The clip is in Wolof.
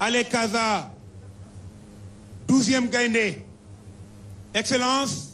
Ale Kaza douzième gaynde excellence